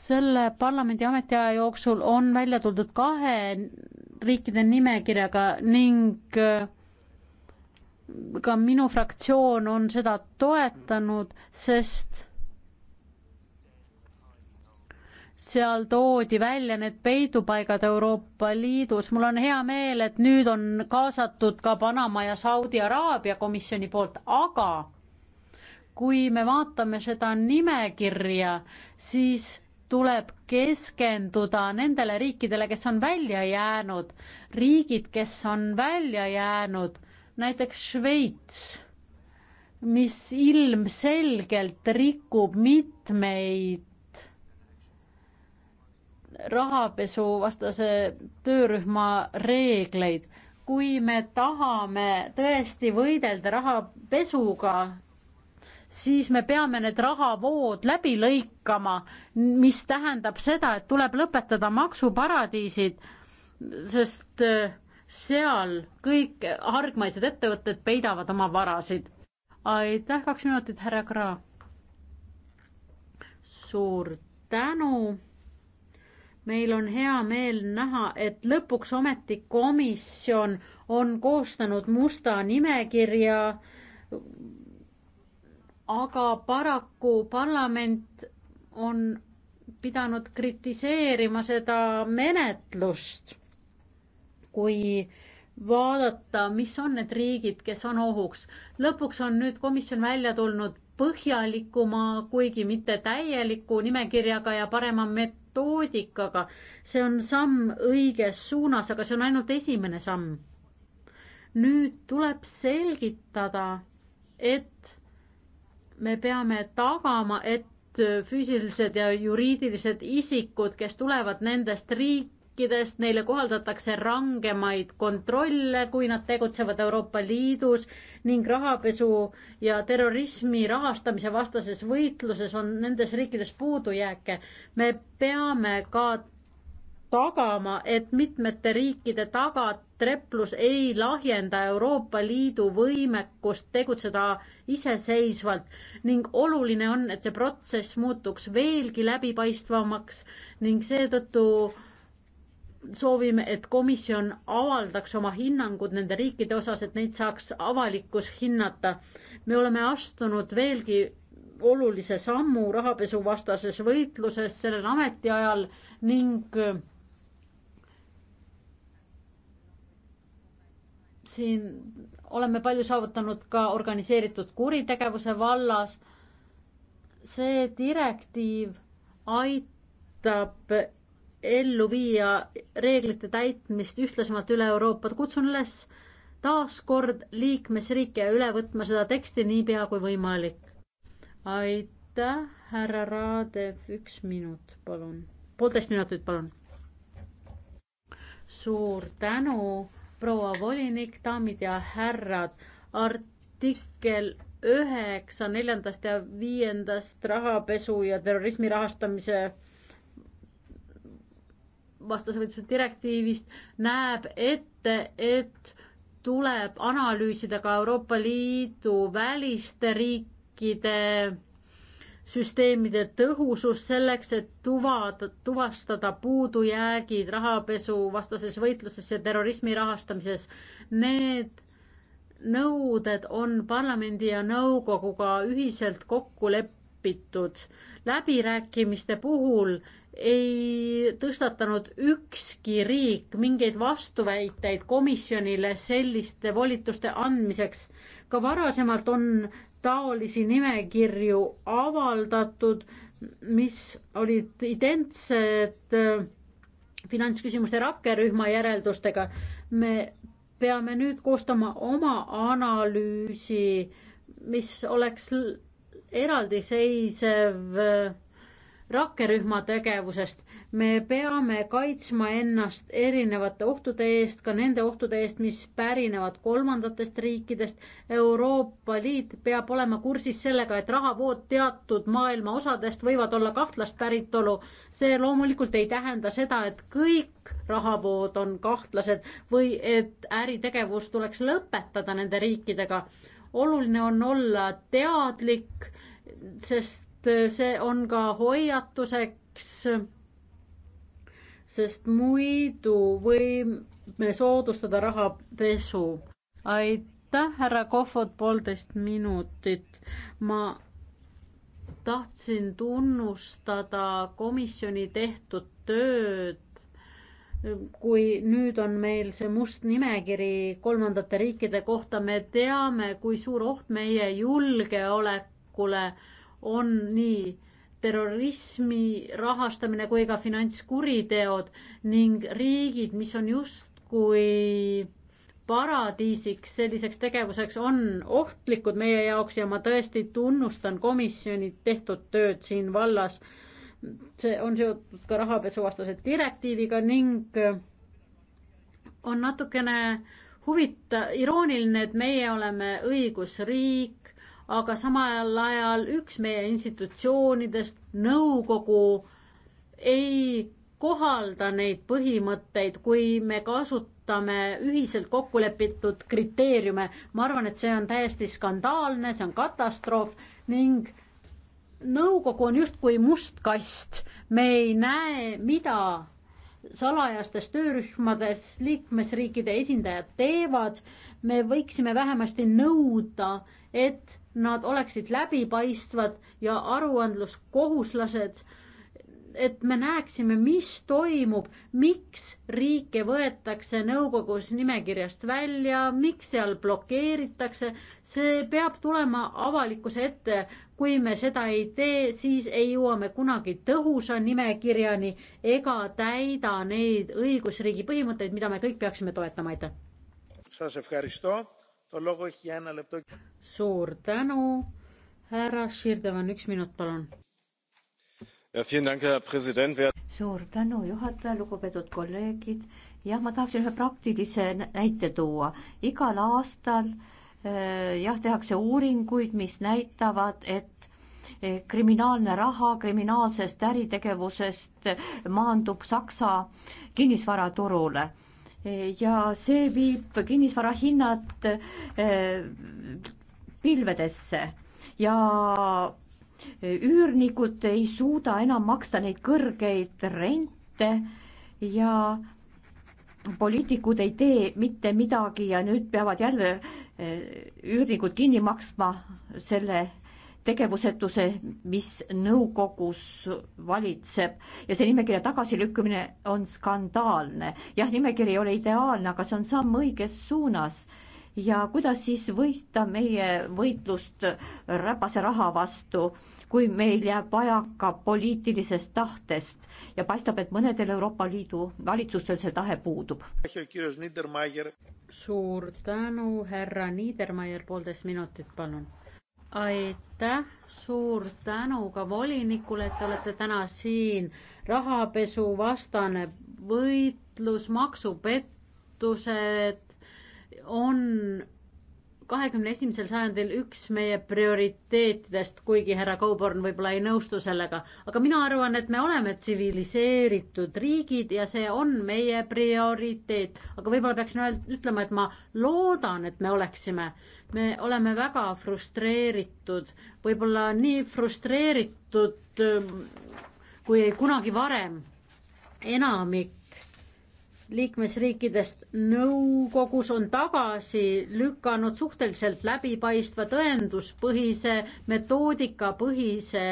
selle parlamendi ametiaja jooksul on välja tuldud kahe riikide nimekirjaga ning äh, ka minu fraktsioon on seda toetanud, sest seal toodi välja need peidupaigad Euroopa Liidus. mul on hea meel, et nüüd on kaasatud ka Panama ja Saudi Araabia komisjoni poolt, aga kui me vaatame seda nimekirja, siis tuleb keskenduda nendele riikidele, kes on välja jäänud, riigid, kes on välja jäänud, näiteks Šveits, mis ilmselgelt rikub mitmeid rahapesuvastase töörühma reegleid. kui me tahame tõesti võidelda rahapesuga, siis me peame need rahavood läbi lõikama, mis tähendab seda, et tuleb lõpetada maksuparadiisid, sest äh, seal kõik hargmaised ettevõtted peidavad oma varasid. aitäh, kaks minutit, härra Kra. suur tänu. meil on hea meel näha, et lõpuks ometi komisjon on koostanud musta nimekirja aga paraku parlament on pidanud kritiseerima seda menetlust, kui vaadata, mis on need riigid, kes on ohuks. lõpuks on nüüd komisjon välja tulnud põhjalikuma, kuigi mitte täieliku nimekirjaga ja parema metoodikaga. see on samm õiges suunas, aga see on ainult esimene samm. nüüd tuleb selgitada, et me peame tagama, et füüsilised ja juriidilised isikud, kes tulevad nendest riikidest, neile kohaldatakse rangemaid kontrolle, kui nad tegutsevad Euroopa Liidus ning rahapesu ja terrorismi rahastamise vastases võitluses on nendes riikides puudujääke. me peame ka tagama, et mitmete riikide taga treplus ei lahjenda Euroopa Liidu võimekust tegutseda iseseisvalt ning oluline on, et see protsess muutuks veelgi läbipaistvamaks ning seetõttu soovime, et komisjon avaldaks oma hinnangud nende riikide osas, et neid saaks avalikkus hinnata. me oleme astunud veelgi olulise sammu rahapesuvastases võitluses sellel ametiajal ning siin oleme palju saavutanud ka organiseeritud kuritegevuse vallas. see direktiiv aitab ellu viia reeglite täitmist ühtlasemalt üle Euroopa. kutsun üles taaskord liikmesriike üle võtma seda teksti niipea kui võimalik. aitäh, härra Raadev, üks minut, palun, poolteist minutit, palun. suur tänu proua volinik, daamid ja härrad, artikkel üheksa neljandast ja viiendast rahapesu ja terrorismi rahastamise vastasvõitluse direktiivist näeb ette, et tuleb analüüsida ka Euroopa Liidu väliste riikide süsteemide tõhusus selleks, et tuvada, tuvastada puudujäägid rahapesuvastases võitluses ja terrorismi rahastamises. Need nõuded on parlamendi ja nõukoguga ühiselt kokku lepitud. läbirääkimiste puhul ei tõstatanud ükski riik mingeid vastuväiteid komisjonile selliste volituste andmiseks. ka varasemalt on taolisi nimekirju avaldatud, mis olid identsed äh, finantsküsimuste rakkerühma järeldustega. me peame nüüd koostama oma analüüsi, mis oleks eraldiseisev äh, rakkerühma tegevusest. me peame kaitsma ennast erinevate ohtude eest, ka nende ohtude eest, mis pärinevad kolmandatest riikidest. Euroopa Liit peab olema kursis sellega, et rahavood teatud maailma osadest võivad olla kahtlast päritolu. see loomulikult ei tähenda seda, et kõik rahavood on kahtlased või et äritegevus tuleks lõpetada nende riikidega. oluline on olla teadlik, sest et see on ka hoiatuseks, sest muidu võime soodustada rahapesu. aitäh, härra Kohvot, poolteist minutit. ma tahtsin tunnustada komisjoni tehtud tööd kui nüüd on meil see must nimekiri kolmandate riikide kohta, me teame, kui suur oht meie julgeolekule on nii terrorismi rahastamine kui ka finantskuriteod ning riigid, mis on justkui paradiisiks selliseks tegevuseks, on ohtlikud meie jaoks ja ma tõesti tunnustan komisjoni tehtud tööd siin vallas. see on seotud ka rahapesuvastase direktiiviga ning on natukene huvitav, irooniline, et meie oleme õigusriik aga samal ajal üks meie institutsioonidest, nõukogu, ei kohalda neid põhimõtteid, kui me kasutame ühiselt kokku lepitud kriteeriume. ma arvan, et see on täiesti skandaalne, see on katastroof ning nõukogu on justkui must kast. me ei näe, mida salajastes töörühmades liikmesriikide esindajad teevad. me võiksime vähemasti nõuda, et nad oleksid läbipaistvad ja aruandluskohuslased, et me näeksime, mis toimub, miks riike võetakse nõukogus nimekirjast välja, miks seal blokeeritakse, see peab tulema avalikkuse ette. kui me seda ei tee, siis ei jõua me kunagi tõhusa nimekirjani ega täida neid õigusriigi põhimõtteid, mida me kõik peaksime toetama, aitäh suur tänu, härra Širdevan, üks minut, palun. suur tänu, juhataja, lugupeetud kolleegid. jah, ma tahaksin ühe praktilise näite tuua. igal aastal eh, jah, tehakse uuringuid, mis näitavad, et eh, kriminaalne raha kriminaalsest äritegevusest eh, maandub Saksa kinnisvaraturule ja see viib kinnisvara hinnad eh, pilvedesse ja üürnikud ei suuda enam maksta neid kõrgeid rente ja poliitikud ei tee mitte midagi ja nüüd peavad jälle eh, üürnikud kinni maksma selle tegevusetuse, mis nõukogus valitseb ja see nimekirja tagasilükkamine on skandaalne. jah, nimekiri ei ole ideaalne, aga see on samm õiges suunas. ja kuidas siis võita meie võitlust räpase raha vastu, kui meil jääb vajaka poliitilisest tahtest ja paistab, et mõnedel Euroopa Liidu valitsustel see tahe puudub. suur tänu, härra Niedermayer, poolteist minutit, palun aitäh, suur tänu ka volinikule, et te olete täna siin. rahapesuvastane võitlus, maksupettused on kahekümne esimesel sajandil üks meie prioriteetidest, kuigi härra Coburn võib-olla ei nõustu sellega, aga mina arvan, et me oleme tsiviliseeritud riigid ja see on meie prioriteet. aga võib-olla peaksin ütlema, et ma loodan, et me oleksime. me oleme väga frustreeritud, võib-olla nii frustreeritud kui kunagi varem enamik liikmesriikidest nõukogus on tagasi lükanud suhteliselt läbipaistva tõenduspõhise metoodikapõhise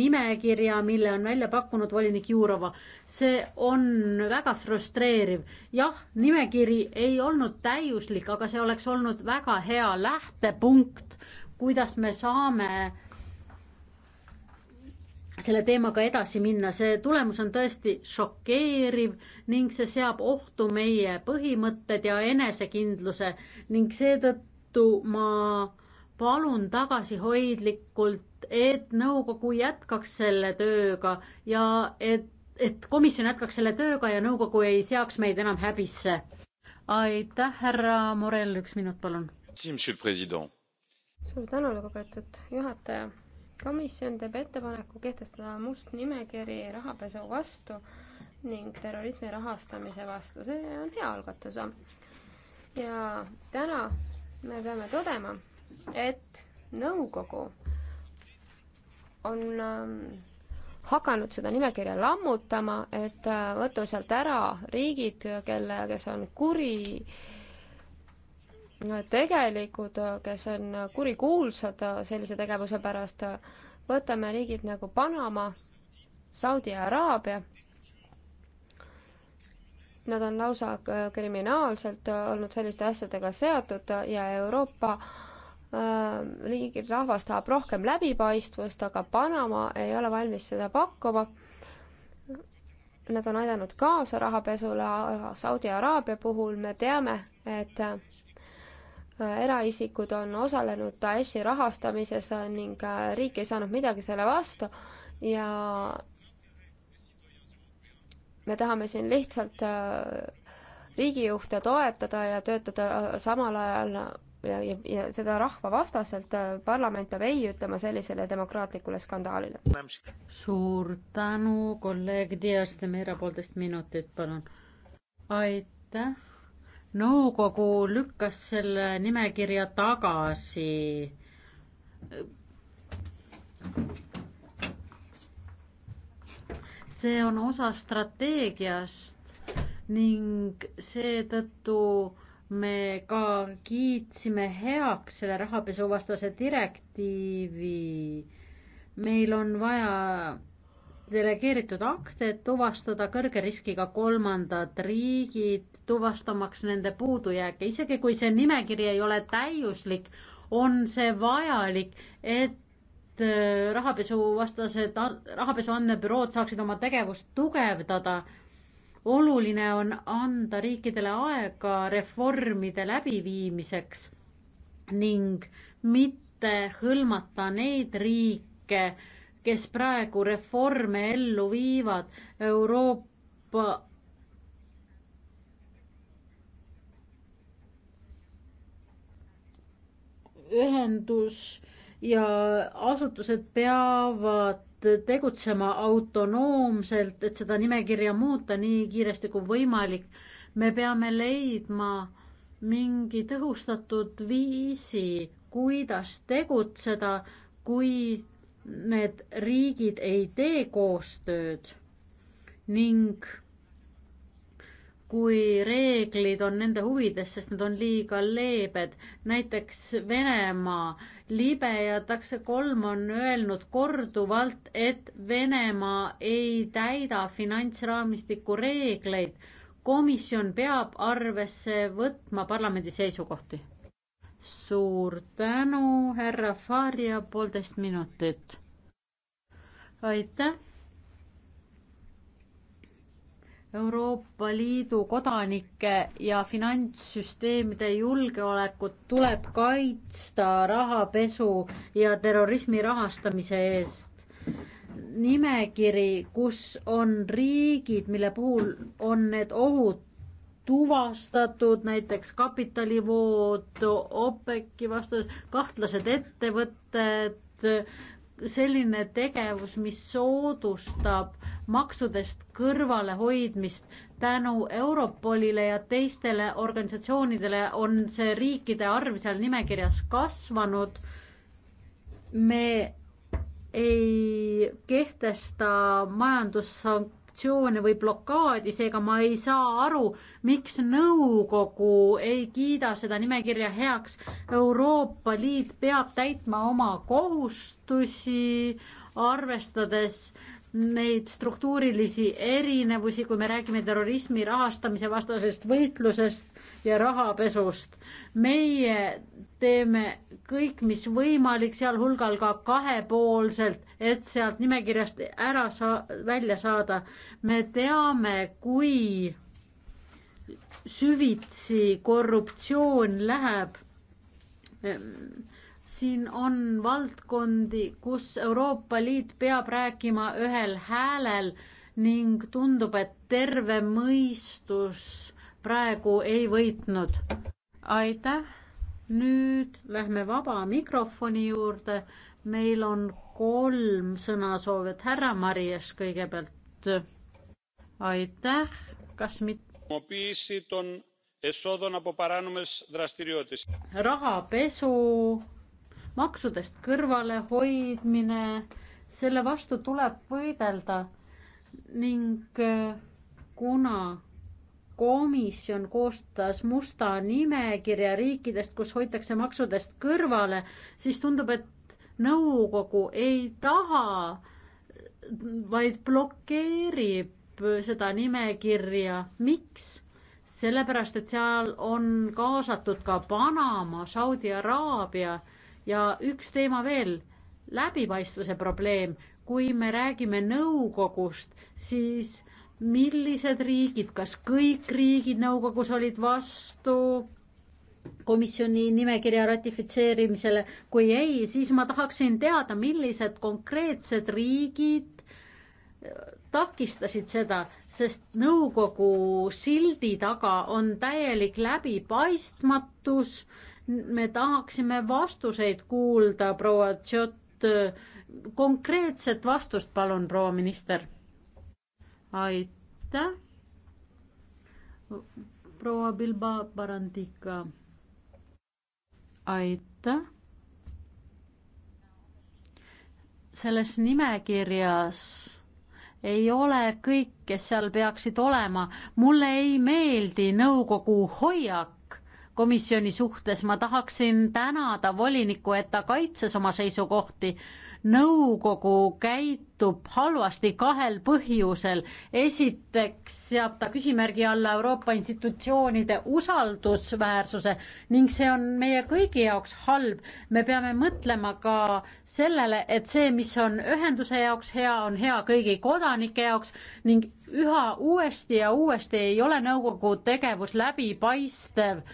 nimekirja, mille on välja pakkunud volinik Jurova. see on väga frustreeriv. jah, nimekiri ei olnud täiuslik, aga see oleks olnud väga hea lähtepunkt, kuidas me saame selle teemaga edasi minna, see tulemus on tõesti šokeeriv ning see seab ohtu meie põhimõtted ja enesekindluse ning seetõttu ma palun tagasihoidlikult, et nõukogu jätkaks selle tööga ja et, et komisjon jätkaks selle tööga ja nõukogu ei seaks meid enam häbisse. aitäh, härra Morell, üks minut, palun. suur tänu, lugupeetud juhataja komisjon teeb ettepaneku kehtestada must nimekiri rahapesu vastu ning terrorismi rahastamise vastu. see on hea algatus. ja täna me peame tõdema, et nõukogu on ähm, hakanud seda nimekirja lammutama, et äh, võtma sealt ära riigid, kelle, kes on kuri äh, tegelikud, kes on kurikuulsad sellise tegevuse pärast, võtame riigid nagu Panama, Saudi Araabia. Nad on lausa kriminaalselt olnud selliste asjadega seotud ja Euroopa äh, riigil rahvas tahab rohkem läbipaistvust, aga Panama ei ole valmis seda pakkuma. Nad on aidanud kaasa rahapesule Saudi Araabia puhul, me teame, et eraisikud on osalenud Daeshi rahastamises ning riik ei saanud midagi selle vastu ja me tahame siin lihtsalt äh, riigijuhte toetada ja töötada äh, samal ajal ja, ja, ja seda rahva vastaselt, äh, parlament peab ei ütlema sellisele demokraatlikule skandaalile. suur tänu, kolleeg Dias, teeme ära poolteist minutit, palun. aitäh nõukogu lükkas selle nimekirja tagasi. see on osa strateegiast ning seetõttu me ka kiitsime heaks selle rahapesuvastase direktiivi. meil on vaja delegeeritud akte, et tuvastada kõrge riskiga kolmandad riigid, tuvastamaks nende puudujääke, isegi kui see nimekiri ei ole täiuslik, on see vajalik, et äh, rahapesuvastased, rahapesu andmebürood saaksid oma tegevust tugevdada. oluline on anda riikidele aega reformide läbiviimiseks ning mitte hõlmata neid riike, kes praegu reforme ellu viivad. Euroopa ühendus ja asutused peavad tegutsema autonoomselt, et seda nimekirja muuta nii kiiresti kui võimalik. me peame leidma mingi tõhustatud viisi, kuidas tegutseda, kui need riigid ei tee koostööd ning kui reeglid on nende huvides, sest nad on liiga leebed. näiteks Venemaa, libe ja takse kolm on öelnud korduvalt, et Venemaa ei täida finantsraamistiku reegleid. komisjon peab arvesse võtma parlamendi seisukohti suur tänu, härra Faria, poolteist minutit. aitäh. Euroopa Liidu kodanike ja finantssüsteemide julgeolekut tuleb kaitsta rahapesu ja terrorismi rahastamise eest. nimekiri, kus on riigid, mille puhul on need ohud tuvastatud näiteks kapitalivood, OPEC-i vastased, kahtlased ettevõtted, selline tegevus, mis soodustab maksudest kõrvalehoidmist. tänu Europolile ja teistele organisatsioonidele on see riikide arv seal nimekirjas kasvanud. me ei kehtesta majandussanktsioone sanktsioone või blokaadi, seega ma ei saa aru, miks nõukogu ei kiida seda nimekirja heaks. Euroopa Liit peab täitma oma kohustusi, arvestades neid struktuurilisi erinevusi, kui me räägime terrorismi rahastamise vastasest võitlusest ja rahapesust. meie teeme kõik, mis võimalik, sealhulgal ka kahepoolselt, et sealt nimekirjast ära saa-, välja saada. me teame, kui süvitsi korruptsioon läheb siin on valdkondi, kus Euroopa Liit peab rääkima ühel häälel ning tundub, et terve mõistus praegu ei võitnud. aitäh, nüüd lähme vaba mikrofoni juurde. meil on kolm sõnasoovijat, härra Marias kõigepealt. aitäh, kas mitte? rahapesu maksudest kõrvalehoidmine, selle vastu tuleb võidelda ning äh, kuna komisjon koostas musta nimekirja riikidest, kus hoitakse maksudest kõrvale, siis tundub, et nõukogu ei taha, vaid blokeerib seda nimekirja. miks? sellepärast, et seal on kaasatud ka Panama, Saudi Araabia ja üks teema veel, läbipaistvuse probleem. kui me räägime nõukogust, siis millised riigid, kas kõik riigid nõukogus olid vastu komisjoni nimekirja ratifitseerimisele, kui ei, siis ma tahaksin teada, millised konkreetsed riigid äh, takistasid seda, sest nõukogu sildi taga on täielik läbipaistmatus me tahaksime vastuseid kuulda, proua Tšot. konkreetset vastust, palun, proua minister. aitäh. proua Bilba Barandika. aitäh. selles nimekirjas ei ole kõik, kes seal peaksid olema. mulle ei meeldi nõukogu hoiak, komisjoni suhtes, ma tahaksin tänada volinikku, et ta kaitses oma seisukohti. nõukogu käitub halvasti kahel põhjusel. esiteks seab ta küsimärgi alla Euroopa institutsioonide usaldusväärsuse ning see on meie kõigi jaoks halb. me peame mõtlema ka sellele, et see, mis on ühenduse jaoks hea, on hea kõigi kodanike jaoks ning üha uuesti ja uuesti ei ole nõukogu tegevus läbipaistev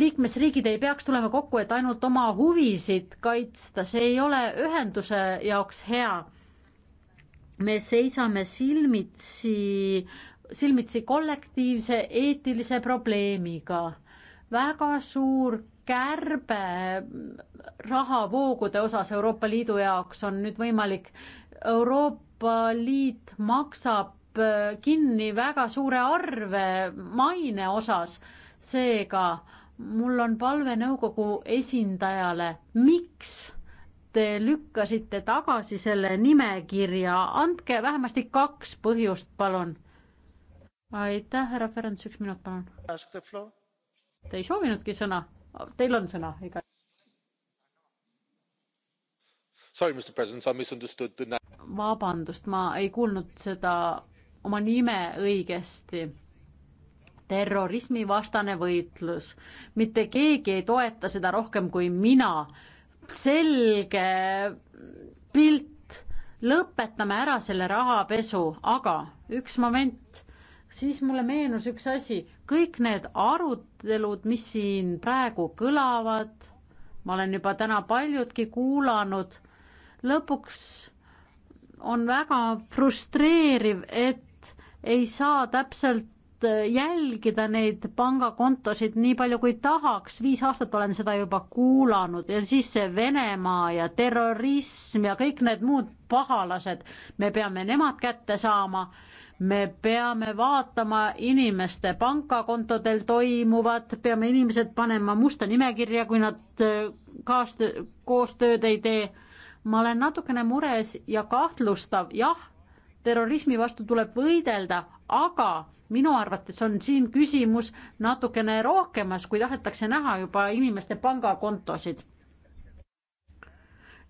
liikmesriigid ei peaks tulema kokku, et ainult oma huvisid kaitsta, see ei ole ühenduse jaoks hea. me seisame silmitsi, silmitsi kollektiivse eetilise probleemiga. väga suur kärbe rahavoogude osas Euroopa Liidu jaoks on nüüd võimalik. Euroopa Liit maksab kinni väga suure arve maine osas seega mul on palve nõukogu esindajale, miks te lükkasite tagasi selle nimekirja, andke vähemasti kaks põhjust, palun. aitäh, härra Ferrand, üks minut, palun. Te ei soovinudki sõna, teil on sõna igal juhul. Sorry, Mr President, I misunderstood the. vabandust, ma ei kuulnud seda oma nime õigesti terrorismivastane võitlus. mitte keegi ei toeta seda rohkem kui mina. selge pilt, lõpetame ära selle rahapesu, aga üks moment, siis mulle meenus üks asi, kõik need arutelud, mis siin praegu kõlavad, ma olen juba täna paljudki kuulanud, lõpuks on väga frustreeriv, et ei saa täpselt jälgida neid pangakontosid nii palju kui tahaks, viis aastat olen seda juba kuulanud ja siis see Venemaa ja terrorism ja kõik need muud pahalased, me peame nemad kätte saama, me peame vaatama inimeste pangakontodel toimuvat, peame inimesed panema musta nimekirja, kui nad äh, kaast-, koostööd ei tee ma olen natukene mures ja kahtlustav, jah, terrorismi vastu tuleb võidelda, aga minu arvates on siin küsimus natukene rohkemas, kui tahetakse näha juba inimeste pangakontosid.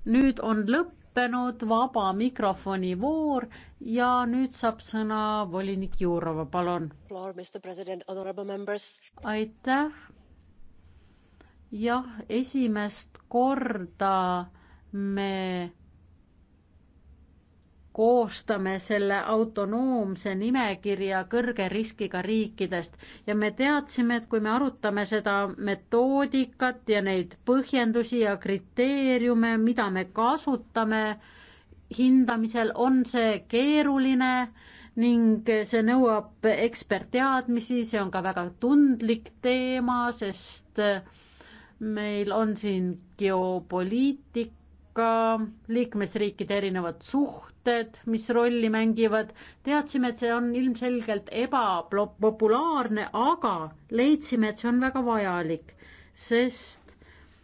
nüüd on lõppenud vaba mikrofoni voor ja nüüd saab sõna volinik Jurova, palun. aitäh. jah, esimest korda me koostame selle autonoomse nimekirja kõrge riskiga riikidest ja me teadsime, et kui me arutame seda metoodikat ja neid põhjendusi ja kriteeriume, mida me kasutame hindamisel, on see keeruline ning see nõuab ekspertteadmisi, see on ka väga tundlik teema, sest meil on siin geopoliitika, liikmesriikide erinevad suhted, mõtted, mis rolli mängivad. teadsime, et see on ilmselgelt ebapopulaarne, aga leidsime, et see on väga vajalik, sest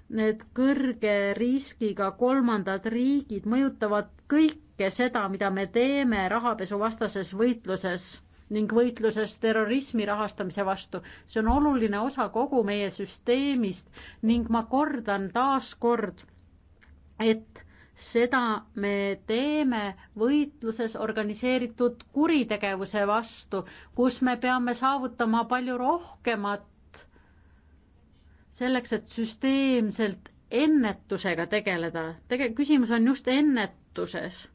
need kõrge riskiga kolmandad riigid mõjutavad kõike seda, mida me teeme rahapesuvastases võitluses ning võitluses terrorismi rahastamise vastu. see on oluline osa kogu meie süsteemist ning ma kordan taas kord, et seda me teeme võitluses organiseeritud kuritegevuse vastu, kus me peame saavutama palju rohkemat selleks, et süsteemselt ennetusega tegeleda. tege-, küsimus on just ennetuses.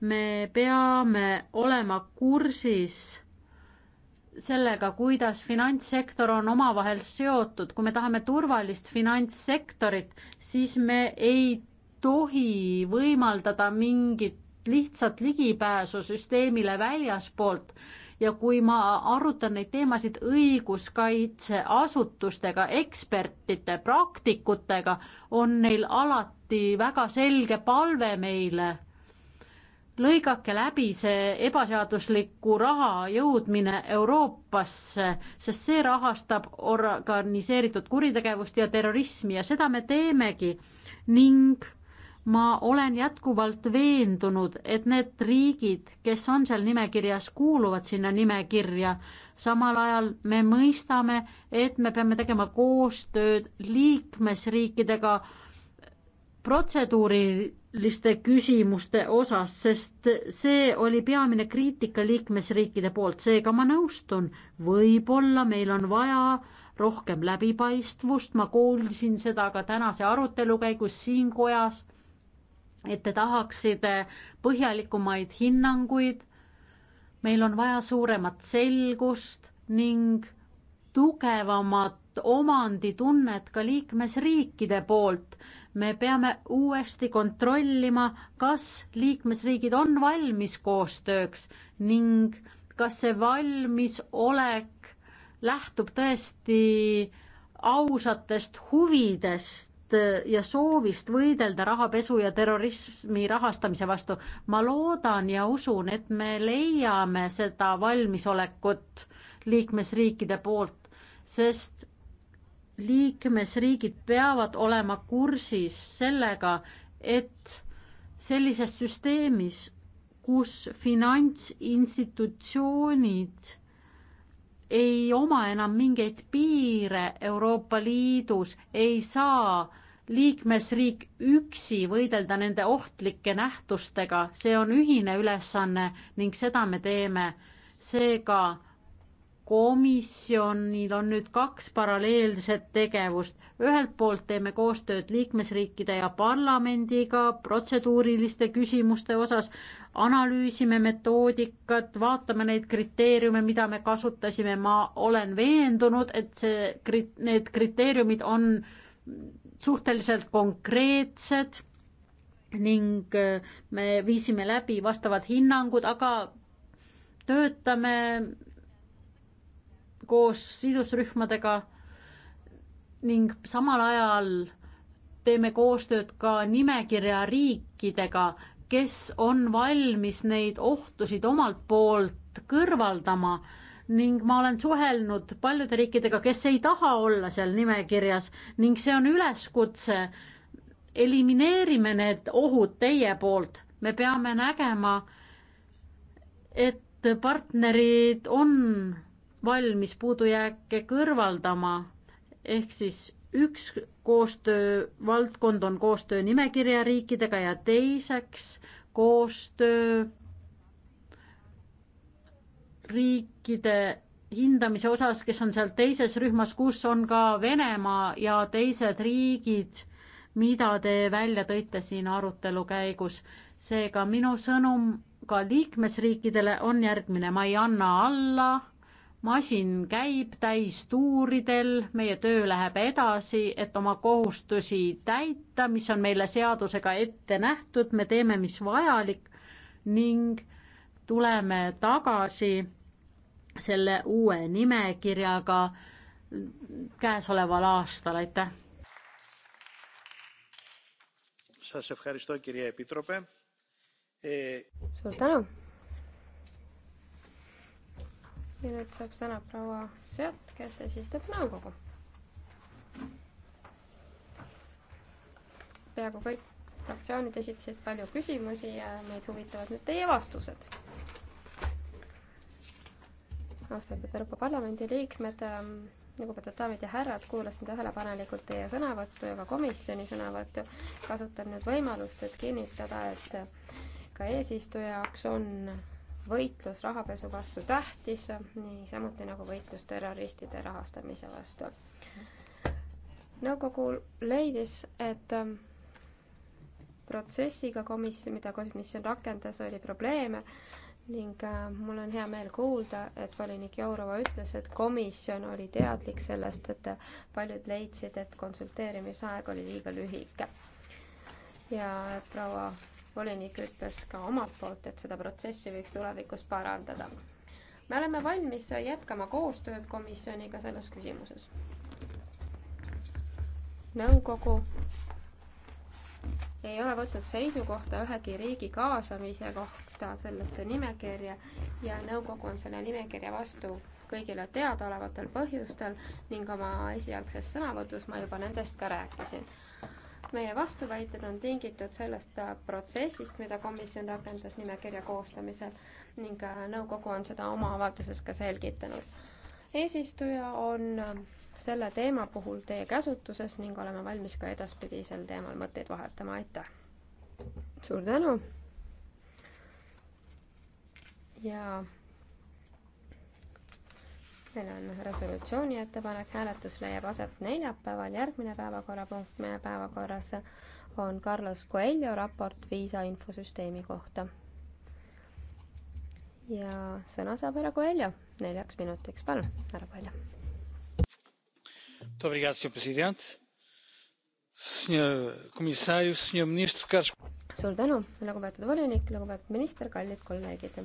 me peame olema kursis sellega, kuidas finantssektor on omavahel seotud, kui me tahame turvalist finantssektorit, siis me ei tohi võimaldada mingit lihtsat ligipääsu süsteemile väljaspoolt ja kui ma arutan neid teemasid õiguskaitseasutustega, ekspertide, praktikutega, on neil alati väga selge palve meile. lõigake läbi see ebaseadusliku raha jõudmine Euroopasse, sest see rahastab organiseeritud kuritegevust ja terrorismi ja seda me teemegi ning ma olen jätkuvalt veendunud, et need riigid, kes on seal nimekirjas, kuuluvad sinna nimekirja. samal ajal me mõistame, et me peame tegema koostööd liikmesriikidega protseduuriliste küsimuste osas, sest see oli peamine kriitika liikmesriikide poolt, seega ma nõustun, võib-olla meil on vaja rohkem läbipaistvust, ma kuulsin seda ka tänase arutelu käigus siin kojas et te tahaksite põhjalikumaid hinnanguid. meil on vaja suuremat selgust ning tugevamat omanditunnet ka liikmesriikide poolt. me peame uuesti kontrollima, kas liikmesriigid on valmis koostööks ning kas see valmisolek lähtub tõesti ausatest huvidest Eh, ja soovist võidelda rahapesu ja terrorismi rahastamise vastu. ma loodan ja usun, et me leiame seda valmisolekut liikmesriikide poolt, sest liikmesriigid peavad olema kursis sellega, et sellises süsteemis, kus finantsinstitutsioonid ei oma enam mingeid piire Euroopa Liidus, ei saa liikmesriik üksi võidelda nende ohtlike nähtustega, see on ühine ülesanne ning seda me teeme. seega komisjonil on nüüd kaks paralleelset tegevust. ühelt poolt teeme koostööd liikmesriikide ja parlamendiga protseduuriliste küsimuste osas, analüüsime metoodikat, vaatame neid kriteeriume, mida me kasutasime, ma olen veendunud, et see, need kriteeriumid on suhteliselt konkreetsed ning äh, me viisime läbi vastavad hinnangud, aga töötame koos sidusrühmadega ning samal ajal teeme koostööd ka nimekirja riikidega, kes on valmis neid ohtusid omalt poolt kõrvaldama ning ma olen suhelnud paljude riikidega, kes ei taha olla seal nimekirjas ning see on üleskutse. elimineerime need ohud teie poolt, me peame nägema, et partnerid on valmis puudujääke kõrvaldama, ehk siis üks koostöövaldkond on koostöö nimekirja riikidega ja teiseks koostöö riikide hindamise osas, kes on seal teises rühmas, kus on ka Venemaa ja teised riigid, mida te välja tõite siin arutelu käigus. seega minu sõnum ka liikmesriikidele on järgmine, ma ei anna alla masin käib täistuuridel, meie töö läheb edasi, et oma kohustusi täita, mis on meile seadusega ette nähtud, me teeme, mis vajalik ning tuleme tagasi selle uue nimekirjaga käesoleval aastal, aitäh. suur tänu ja nüüd saab sõna proua Seot, kes esitab nõukogu. peaaegu kõik fraktsioonid esitasid palju küsimusi ja meid huvitavad nüüd teie vastused. austatud Euroopa Parlamendi liikmed, ähm, lugupeetud daamid ja härrad, kuulasin tähelepanelikult teie sõnavõttu ja ka komisjoni sõnavõttu. kasutan nüüd võimalust, et kinnitada, et ka eesistuja jaoks on võitlus rahapesu vastu tähtis, niisamuti nagu võitlus terroristide rahastamise vastu. nõukogu leidis, et ähm, protsessiga komisjon, mida komisjon rakendas, oli probleeme ning äh, mul on hea meel kuulda, et volinik Jourova ütles, et komisjon oli teadlik sellest, et paljud leidsid, et konsulteerimisaeg oli liiga lühike. ja et proua volinik ütles ka omalt poolt, et seda protsessi võiks tulevikus parandada. me oleme valmis jätkama koostööd komisjoniga selles küsimuses. nõukogu ei ole võtnud seisukohta ühegi riigi kaasamise kohta sellesse nimekirja ja nõukogu on selle nimekirja vastu kõigile teadaolevatel põhjustel ning oma esialgses sõnavõtus ma juba nendest ka rääkisin meie vastuväited on tingitud sellest äh, protsessist, mida komisjon rakendas nimekirja koostamisel ning äh, nõukogu on seda oma avalduses ka selgitanud. eesistuja on äh, selle teema puhul teie käsutuses ning oleme valmis ka edaspidi sel teemal mõtteid vahetama, aitäh! suur tänu! ja siin on resolutsiooni ettepanek, hääletus leiab aset neljapäeval, järgmine päevakorrapunkt meie päevakorras on Carlos Coelho raport viisa infosüsteemi kohta. ja sõna saab härra Coelho neljaks minutiks, palun, härra Coelho. suur tänu, lugupeetud volinik, lugupeetud minister, kallid kolleegid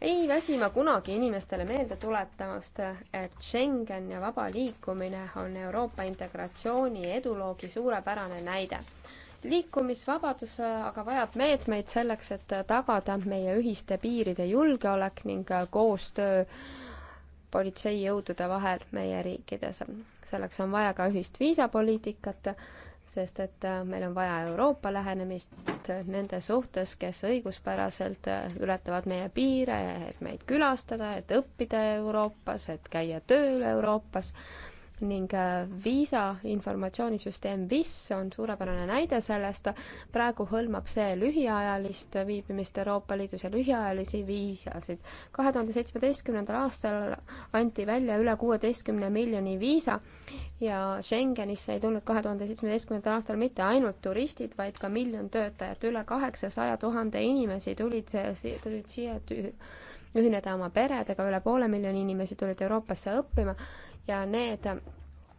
ei väsi ma kunagi inimestele meelde tuletamast, et Schengen ja vaba liikumine on Euroopa integratsiooni eduloogi suurepärane näide liikumisvabadus aga vajab meetmeid selleks, et tagada meie ühiste piiride julgeolek ning koostöö politseijõudude vahel meie riikides. selleks on vaja ka ühist viisapoliitikat sest et äh, meil on vaja Euroopa lähenemist nende suhtes, kes õiguspäraselt äh, ületavad meie piire, et meid külastada, et õppida Euroopas, et käia tööl Euroopas ning äh, viisa informatsioonisüsteem VIS on suurepärane näide sellest. praegu hõlmab see lühiajalist viibimist Euroopa Liidus ja lühiajalisi viisasid. kahe tuhande seitsmeteistkümnendal aastal anti välja üle kuueteistkümne miljoni viisa ja Schengenisse ei tulnud kahe tuhande seitsmeteistkümnendal aastal mitte ainult turistid, vaid ka miljon töötajat, üle kaheksasaja tuhande inimesi tulid, tulid siia ühineda oma peredega, üle poole miljoni inimesi tulid Euroopasse õppima ja need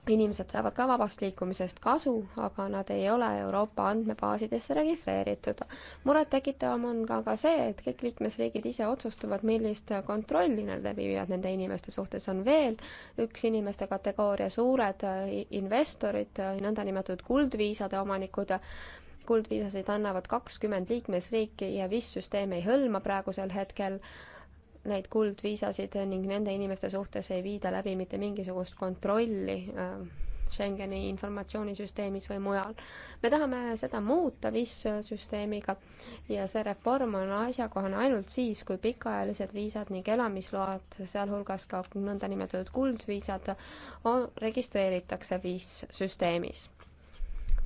inimesed saavad ka vabast liikumisest kasu, aga nad ei ole Euroopa andmebaasidesse registreeritud. murettekitavam on ka, ka see, et kõik liikmesriigid ise otsustavad, millist kontrolli nad läbi viivad nende inimeste suhtes. on veel üks inimeste kategooria, suured investorid, nõndanimetatud kuldviisade omanikud, kuldviisasid annavad kakskümmend liikmesriiki ja viis süsteemi ei hõlma praegusel hetkel äh, neid kuldviisasid ning nende inimeste suhtes ei viida läbi mitte mingisugust kontrolli äh, Schengeni informatsioonisüsteemis või mujal. me tahame seda muuta viissüsteemiga ja see reform on asjakohane ainult siis, kui pikaajalised viisad ning elamisload, sealhulgas ka nõndanimetatud kuldviisad, registreeritakse viissüsteemis.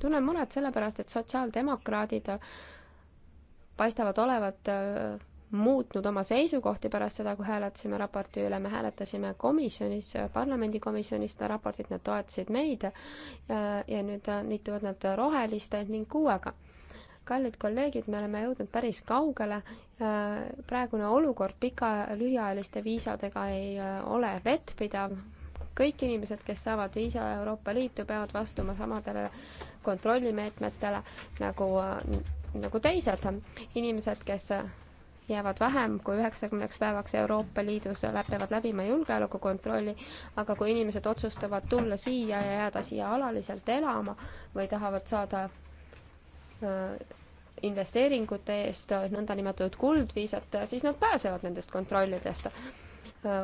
tunnen muret sellepärast, et sotsiaaldemokraadid paistavad olevat äh, muutnud oma seisukohti pärast seda, kui hääletasime raporti üle, me hääletasime komisjonis, parlamendikomisjonis seda raportit, nad toetasid meid ja, ja nüüd liituvad nad roheliste ning kuuega. kallid kolleegid, me oleme jõudnud päris kaugele, praegune olukord pika, lühiajaliste viisadega ei ole vettpidav, kõik inimesed, kes saavad viisa Euroopa Liitu, peavad vastuma samadele kontrollimeetmetele nagu nagu teised inimesed, kes jäävad vähem kui üheksakümneks päevaks Euroopa Liidus, peavad läbima julgeolekukontrolli, aga kui inimesed otsustavad tulla siia ja jääda siia alaliselt elama või tahavad saada investeeringute eest nõndanimetatud kuldviisat, siis nad pääsevad nendest kontrollidest.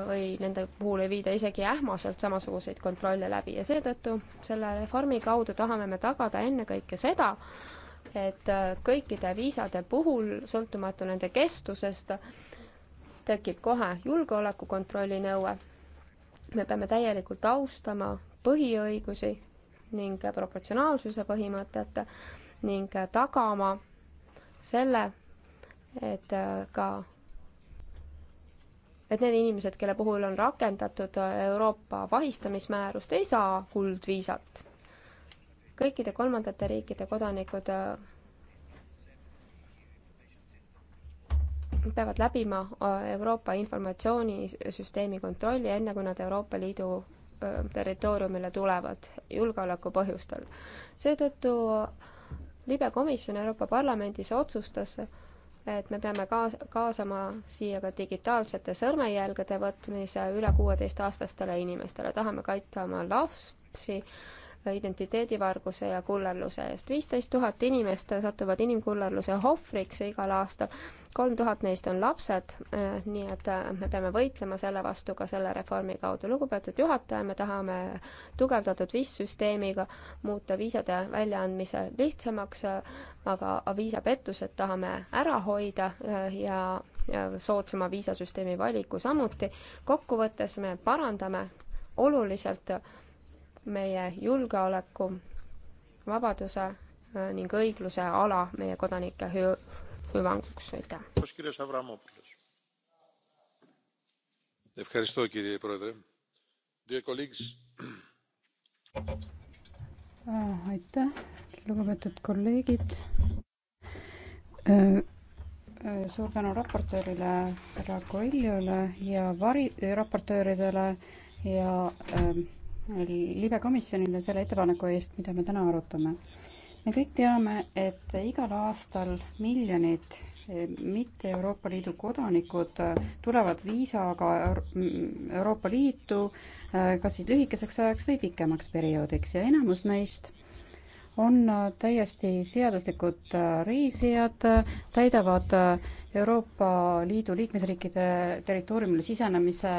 või nende puhul ei viida isegi ähmaselt samasuguseid kontrolle läbi ja seetõttu selle reformi kaudu tahame me tagada ennekõike seda, et äh, kõikide viisade puhul, sõltumatu nende kestusest, tekib kohe julgeolekukontrolli nõue. me peame täielikult austama põhiõigusi ning proportsionaalsuse põhimõtet ning tagama selle, et äh, ka, et need inimesed, kelle puhul on rakendatud Euroopa vahistamismäärust, ei saa kuldviisat kõikide kolmandate riikide kodanikud äh, peavad läbima äh, Euroopa informatsioonisüsteemi kontrolli, enne kui nad Euroopa Liidu äh, territooriumile tulevad julgeoleku põhjustel. seetõttu libe komisjon Euroopa Parlamendis otsustas, et me peame kaas-, kaasama siia ka digitaalsete sõrmejälgede võtmise üle kuueteistaastastele inimestele, tahame kaitsta oma lapsi identiteedivarguse ja kullerluse eest. viisteist tuhat inimest satuvad inimkullerluse ohvriks igal aastal, kolm tuhat neist on lapsed, eh, nii et eh, me peame võitlema selle vastu ka selle reformi kaudu. lugupeetud juhataja, me tahame tugevdatud viissüsteemiga muuta viisade väljaandmise lihtsamaks, eh, aga viisapettused tahame ära hoida ja soodsama viisasüsteemi valiku samuti. kokkuvõttes me parandame oluliselt meie julgeoleku, vabaduse äh, ning õigluse ala meie kodanike hü-, hüvanguks, aitäh. Äh, aitäh, lugupeetud kolleegid. Äh, suur tänu raportöörile härra Koiljule ja vari-, raportööridele ja öö, ähm, libekomisjonile selle ettepaneku eest, mida me täna arutame. me kõik teame, et igal aastal miljonid eh, mitte Euroopa Liidu kodanikud eh, tulevad viisaga Euroopa Liitu eh, kas siis lühikeseks ajaks või pikemaks perioodiks ja enamus neist on äh, täiesti seaduslikud äh, reisijad, äh, täidavad Euroopa Liidu liikmesriikide territooriumile sisenemise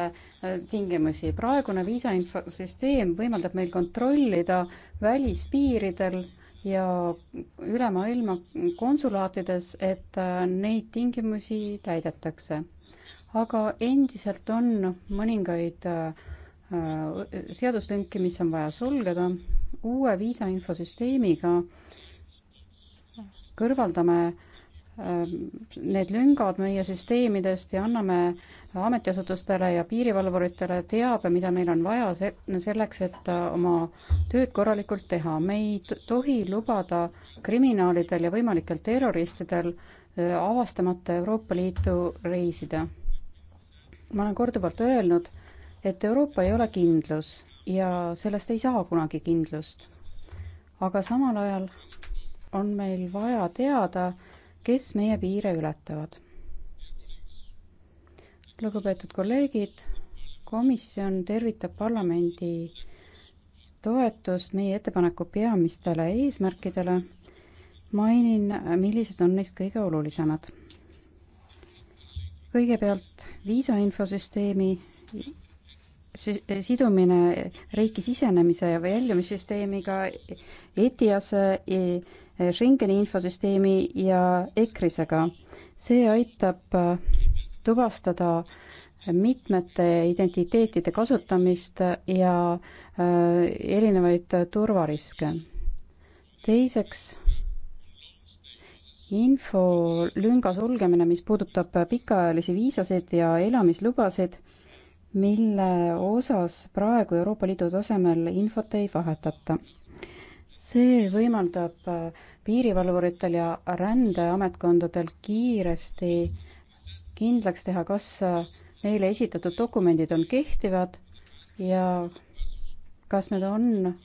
tingimusi. praegune viisainfosüsteem võimaldab meil kontrollida välispiiridel ja üle maailma konsulaatides, et neid tingimusi täidetakse. aga endiselt on mõningaid seaduslünki, mis on vaja sulgeda uue viisa infosüsteemiga kõrvaldame ähm, need lüngad meie süsteemidest ja anname ametiasutustele ja piirivalvuritele teabe, mida neil on vaja selleks, et äh, oma tööd korralikult teha. me ei tohi lubada kriminaalidel ja võimalikel terroristidel äh, avastamata Euroopa Liitu reisida. ma olen korduvalt öelnud, et Euroopa ei ole kindlus ja sellest ei saa kunagi kindlust. aga samal ajal on meil vaja teada, kes meie piire ületavad. lugupeetud kolleegid, komisjon tervitab parlamendi toetust meie ettepaneku peamistele eesmärkidele. mainin, millised on neist kõige olulisemad. kõigepealt viisa infosüsteemi sidumine riiki sisenemise ja väljumissüsteemiga, ETIAS-e, e-, Schengeni infosüsteemi ja ECRIS-ega. see aitab äh, tuvastada mitmete identiteetide kasutamist ja äh, erinevaid turvariske. teiseks, infolünga sulgemine, mis puudutab pikaajalisi viisasid ja elamislubasid mille osas praegu Euroopa Liidu tasemel infot ei vahetata. see võimaldab äh, piirivalvuritel ja rändeametkondadel kiiresti kindlaks teha, kas äh, neile esitatud dokumendid on kehtivad ja kas need on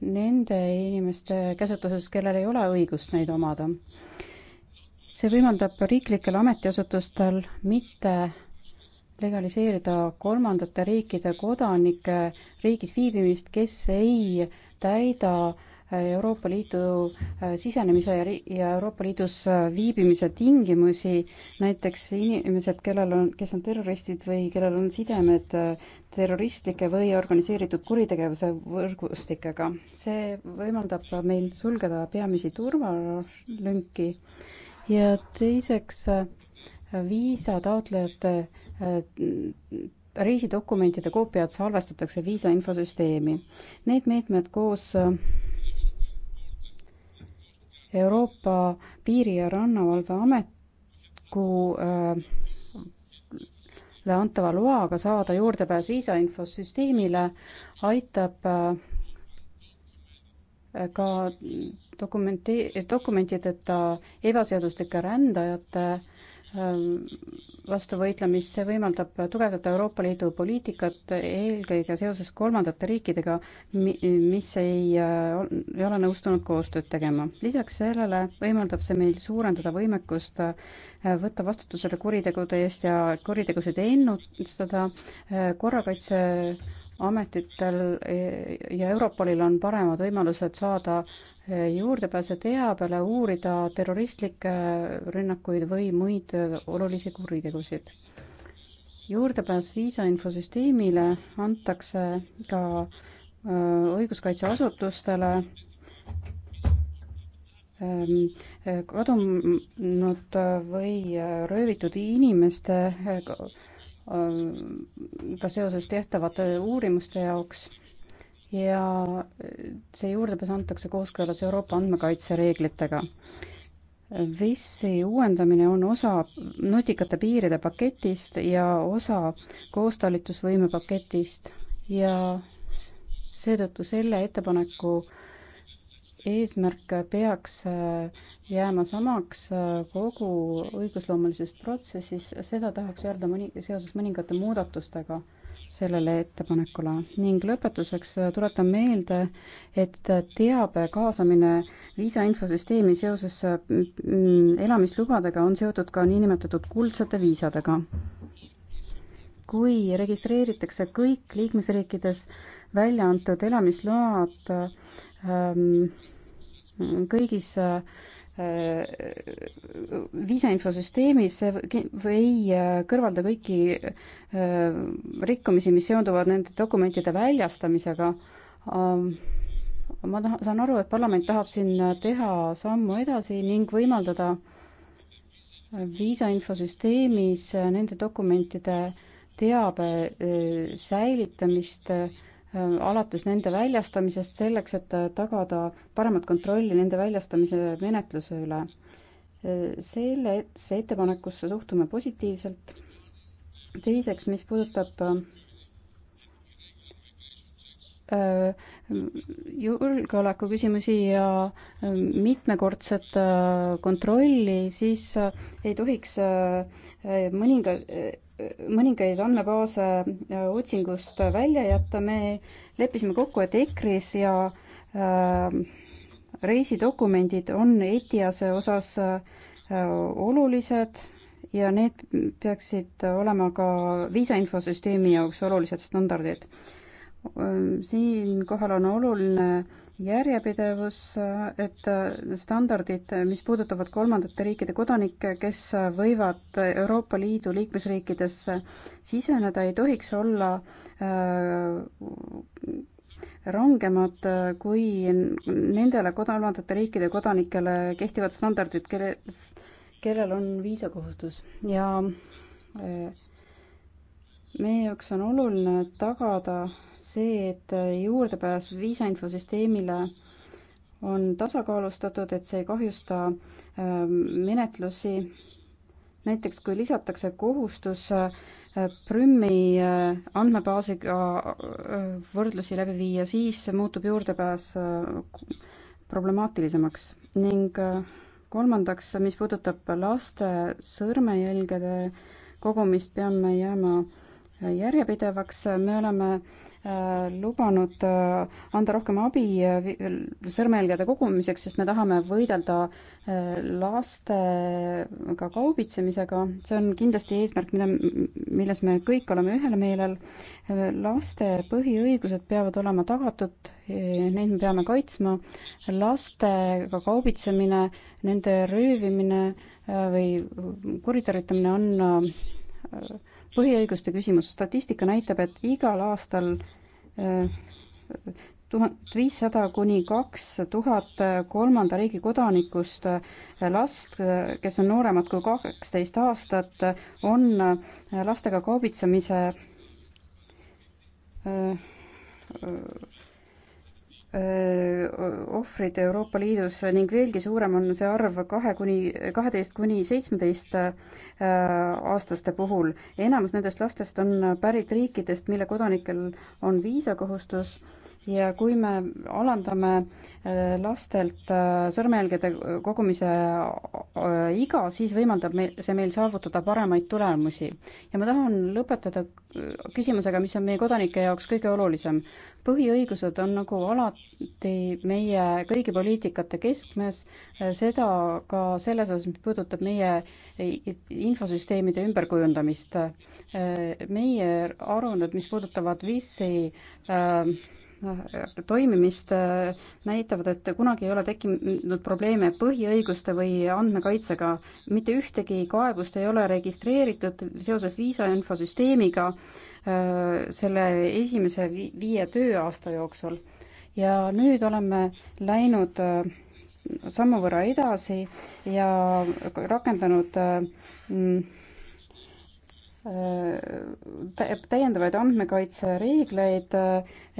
nende inimeste käsutuses, kellel ei ole õigust neid omada. see võimaldab riiklikel ametiasutustel mitte legaliseerida kolmandate riikide kodanike riigis viibimist, kes ei täida Euroopa Liidu äh, sisenemise ja, ja Euroopa Liidus äh, viibimise tingimusi, näiteks inimesed, kellel on, kes on terroristid või kellel on sidemed äh, terroristlike või organiseeritud kuritegevuse võrgustikega. see võimaldab meil sulgeda peamisi turvalünki ja teiseks viisa taotlejate Äh, reisidokumentide koopiad salvestatakse viisa infosüsteemi. Need meetmed koos äh, Euroopa Piiri- ja Rannavalveametku äh, antava loaga saada juurdepääs viisa infosüsteemile aitab äh, ka dokumenti, dokumentideta ebaseaduslike rändajate äh, Ähm, vastu võitlemist, see võimaldab tugevdada Euroopa Liidu poliitikat eelkõige seoses kolmandate riikidega, mis ei, äh, ei ole nõustunud koostööd tegema. lisaks sellele võimaldab see meil suurendada võimekust äh, võtta vastutusele kuritegude eest ja kuritegusid ennustada, äh, korrakaitseametitel ja Europolil on paremad võimalused saada juurdepääsu teabele uurida terroristlikke rünnakuid või muid olulisi kuritegusid. juurdepääs viisa infosüsteemile antakse ka äh, õiguskaitseasutustele ähm, äh, kadunud või röövitud inimeste äh, ka seoses tehtavate uurimuste jaoks ja see juurdepääs antakse kooskõlas Euroopa andmekaitsereeglitega. VIS-i uuendamine on osa nutikate piiride paketist ja osa koostalitusvõime paketist ja seetõttu selle ettepaneku eesmärk peaks jääma samaks kogu õigusloomelises protsessis, seda tahaks öelda mõni, seoses mõningate muudatustega sellele ettepanekule ning lõpetuseks tuletan meelde, et teabe kaasamine viisa infosüsteemi seoses mm, elamislubadega on seotud ka niinimetatud kuldsete viisadega. kui registreeritakse kõik liikmesriikides välja antud elamisload ähm, kõigis viisainfosüsteemis, see ei äh, kõrvalda kõiki äh, rikkumisi, mis seonduvad nende dokumentide väljastamisega. Ähm, ma tahan, saan aru, et parlament tahab siin äh, teha sammu edasi ning võimaldada viisainfosüsteemis nende dokumentide teabe säilitamist äh, alates nende väljastamisest selleks, et äh, tagada paremat kontrolli nende väljastamise menetluse üle. sellesse ettepanekusse suhtume positiivselt. teiseks, mis puudutab äh, julgeoleku küsimusi ja mitmekordset äh, kontrolli, siis ei tohiks mõninga, mõningaid andmebaase äh, otsingust välja jätta, me leppisime kokku, et EKRE-s ja äh, reisidokumendid on ETIAS-e osas äh, olulised ja need peaksid olema ka viisainfosüsteemi jaoks olulised standardid. Äh, siinkohal on oluline äh, järjepidevus, et äh, standardid, mis puudutavad kolmandate riikide kodanikke, kes võivad Euroopa Liidu liikmesriikidesse siseneda, ei tohiks olla äh, rangemad kui nendele kolmandate riikide kodanikele kehtivad standardid, kelle, kellel on viisakohustus ja äh, meie jaoks on oluline tagada see, et juurdepääs viisainfosüsteemile on tasakaalustatud, et see ei kahjusta ähm, menetlusi. näiteks kui lisatakse kohustus äh, Prümmi äh, andmebaasiga äh, võrdlusi läbi viia, siis muutub juurdepääs problemaatilisemaks ning kolmandaks, mis puudutab laste sõrmejälgede kogumist, peame jääma järjepidevaks, me oleme äh, Äh, lubanud äh, anda rohkem abi äh, sõrmejälgede kogumiseks, sest me tahame võidelda lastega kaubitsemisega. see on kindlasti eesmärk, mida, milles me kõik oleme ühel meelel. laste põhiõigused peavad olema tagatud, neid me peame kaitsma. lastega kaubitsemine, nende röövimine või kuritarvitamine on põhiõiguste küsimus, statistika näitab, et igal aastal eh, tuhat viissada kuni kaks tuhat kolmanda riigi kodanikust eh, last, eh, kes on nooremad kui kaksteist aastat, on lastega kaubitsemise ohvrid Euroopa Liidus ning veelgi suurem on see arv kahe kuni, kaheteist kuni seitsmeteist aastaste puhul. enamus nendest lastest on pärit riikidest, mille kodanikel on viisakohustus ja kui me alandame lastelt sõrmejälgede kogumise iga, siis võimaldab meil, see meil saavutada paremaid tulemusi. ja ma tahan lõpetada küsimusega, mis on meie kodanike jaoks kõige olulisem põhiõigused on nagu alati meie kõigi poliitikate keskmes, seda ka selles osas, mis puudutab meie infosüsteemide ümberkujundamist. meie aruanded, mis puudutavad VIS-i äh, toimimist näitavad, et kunagi ei ole tekkinud probleeme põhiõiguste või andmekaitsega. mitte ühtegi kaebust ei ole registreeritud seoses viisa infosüsteemiga Äh, selle esimese viie tööaasta jooksul. ja nüüd oleme läinud äh, sammu võrra edasi ja rakendanud äh, mm, täiendavaid andmekaitsereegleid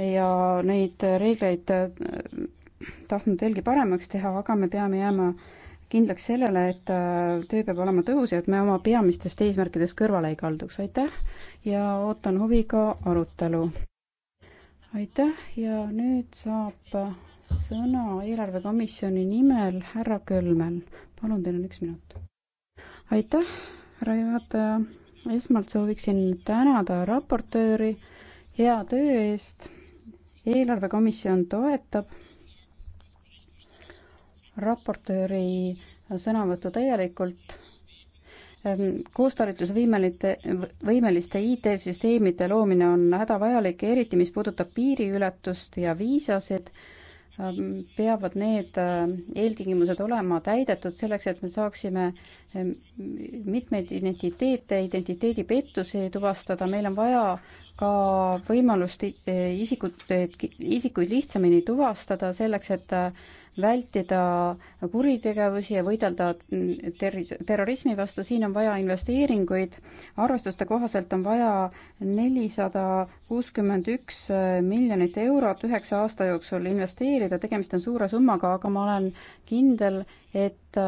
ja neid reegleid tahtnud veelgi paremaks teha, aga me peame jääma äh, kindlaks sellele, et äh, töö peab olema tõhus ja et me oma peamistest eesmärkidest kõrvale ei kalduks. aitäh ja ootan huviga arutelu. aitäh ja nüüd saab äh, sõna eelarvekomisjoni nimel härra Kölmel. palun, teil on üks minut. aitäh, härra juhataja. esmalt sooviksin tänada raportööri hea töö eest. eelarvekomisjon toetab raportööri sõnavõttu täielikult. Ehm, koostalitluse võimelite, võimeliste IT-süsteemide loomine on hädavajalik, eriti mis puudutab piiriületust ja viisasid, ehm, peavad need ehm, eeltingimused olema täidetud selleks, et me saaksime mitmeid identiteete, identiteedipettusi tuvastada, meil on vaja ka võimalust e, isikut, isikuid lihtsamini tuvastada selleks, et vältida kuritegevusi ja võidelda terri-, terrorismi vastu, siin on vaja investeeringuid. arvestuste kohaselt on vaja nelisada kuuskümmend üks miljonit eurot üheksa aasta jooksul investeerida, tegemist on suure summaga, aga ma olen kindel, et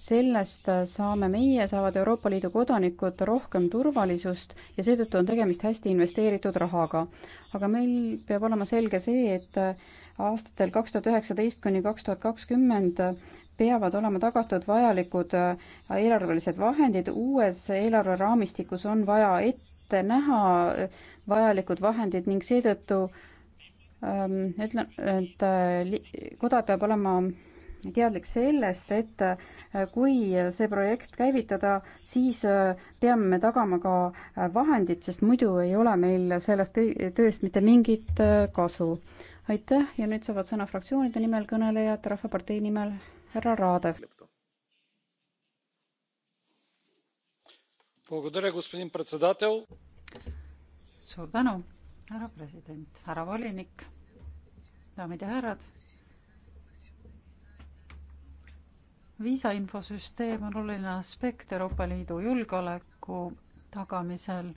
sellest saame meie, saavad Euroopa Liidu kodanikud rohkem turvalisust ja seetõttu on tegemist hästi investeeritud rahaga. aga meil peab olema selge see, et aastatel kaks tuhat üheksateist kuni kaks tuhat kakskümmend peavad olema tagatud vajalikud äh, eelarvelised vahendid, uues eelarveraamistikus on vaja ette näha äh, vajalikud vahendid ning seetõttu ähm, ütlen, et äh, koda peab olema teadlik sellest, et kui see projekt käivitada, siis peame me tagama ka vahendid, sest muidu ei ole meil sellest tööst mitte mingit kasu aitäh ja nüüd saavad sõna fraktsioonide nimel kõnelejad, Rahvapartei nimel härra Raadev. suur tänu, härra president, härra volinik, daamid ja härrad. viisa infosüsteem on oluline aspekt Euroopa Liidu julgeoleku tagamisel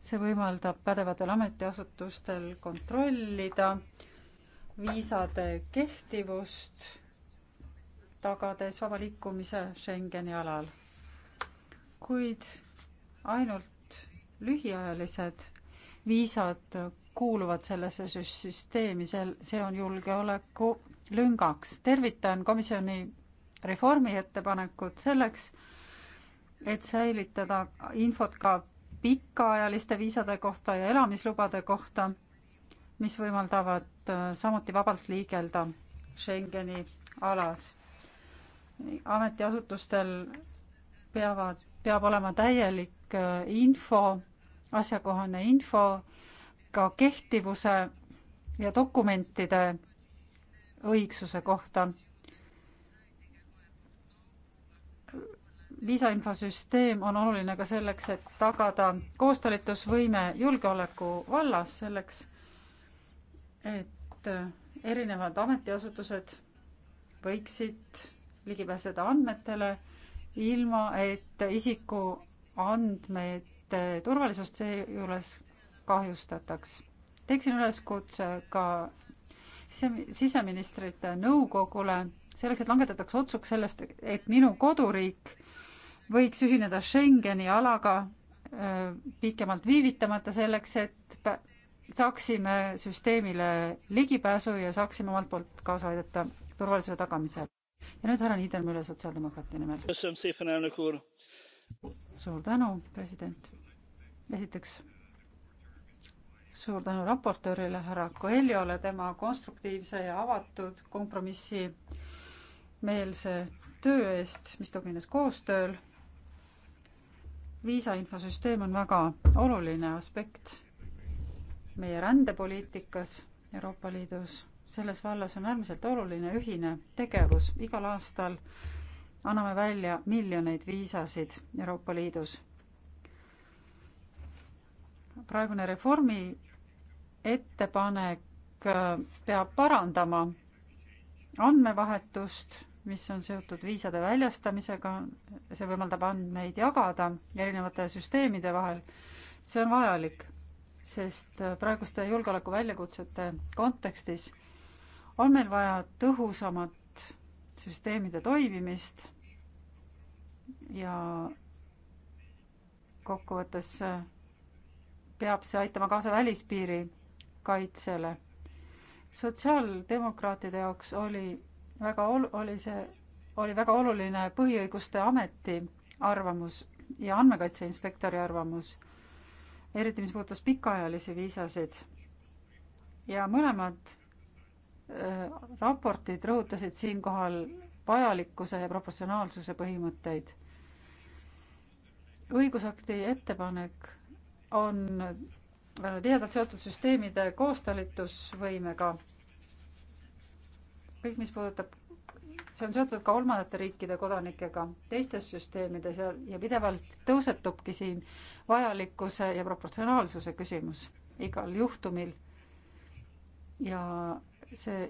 see võimaldab pädevatel ametiasutustel kontrollida, viisade kehtivust, tagades vaba liikumise Schengeni alal. kuid ainult lühiajalised viisad kuuluvad sellesse süsteemi, sel, see on julgeoleku lüngaks. tervitan komisjoni reformi ettepanekut selleks, et säilitada infot ka pikaajaliste viisade kohta ja elamislubade kohta mis võimaldavad äh, samuti vabalt liigelda Schengeni alas. ametiasutustel peavad, peab olema täielik äh, info, asjakohane info ka kehtivuse ja dokumentide õigsuse kohta. viisainfosüsteem on oluline ka selleks, et tagada koostalitusvõime julgeoleku vallas, selleks et äh, erinevad ametiasutused võiksid ligi pääseda andmetele ilma, et isiku andmete turvalisust seejuures kahjustataks. teeksin üleskutse ka sise, siseministrite nõukogule selleks, et langetataks otsuks sellest, et minu koduriik võiks ühineda Schengeni alaga äh, pikemalt viivitamata selleks, et saaksime süsteemile ligipääsu ja saaksime omalt poolt kaasa aidata turvalisuse tagamisel. ja nüüd härra Niidermüller sotsiaaldemokraatide nimel. suur tänu, president. esiteks suur tänu raportöörile härra Coelhole tema konstruktiivse ja avatud kompromissi meelse töö eest, mis tugines koostööl. viisa infosüsteem on väga oluline aspekt meie rändepoliitikas Euroopa Liidus. selles vallas on äärmiselt oluline ühine tegevus. igal aastal anname välja miljoneid viisasid Euroopa Liidus. praegune reformi ettepanek äh, peab parandama andmevahetust, mis on seotud viisade väljastamisega, see võimaldab andmeid jagada erinevate süsteemide vahel. see on vajalik sest äh, praeguste julgeolekuväljakutsete kontekstis on meil vaja tõhusamat süsteemide toimimist ja kokkuvõttes äh, peab see aitama kaasa välispiiri kaitsele. sotsiaaldemokraatide jaoks oli väga ol-, oli see, oli väga oluline põhiõiguste ameti arvamus ja andmekaitse inspektori arvamus eriti mis puudutas pikaajalisi viisasid. ja mõlemad äh, raportid rõhutasid siinkohal vajalikkuse ja proportsionaalsuse põhimõtteid. õigusakti ettepanek on äh, tihedalt seotud süsteemide koostalitusvõimega. kõik, mis puudutab see on seotud ka kolmandate riikide kodanikega teistes süsteemides ja, ja pidevalt tõusetubki siin vajalikkuse ja proportsionaalsuse küsimus igal juhtumil. ja see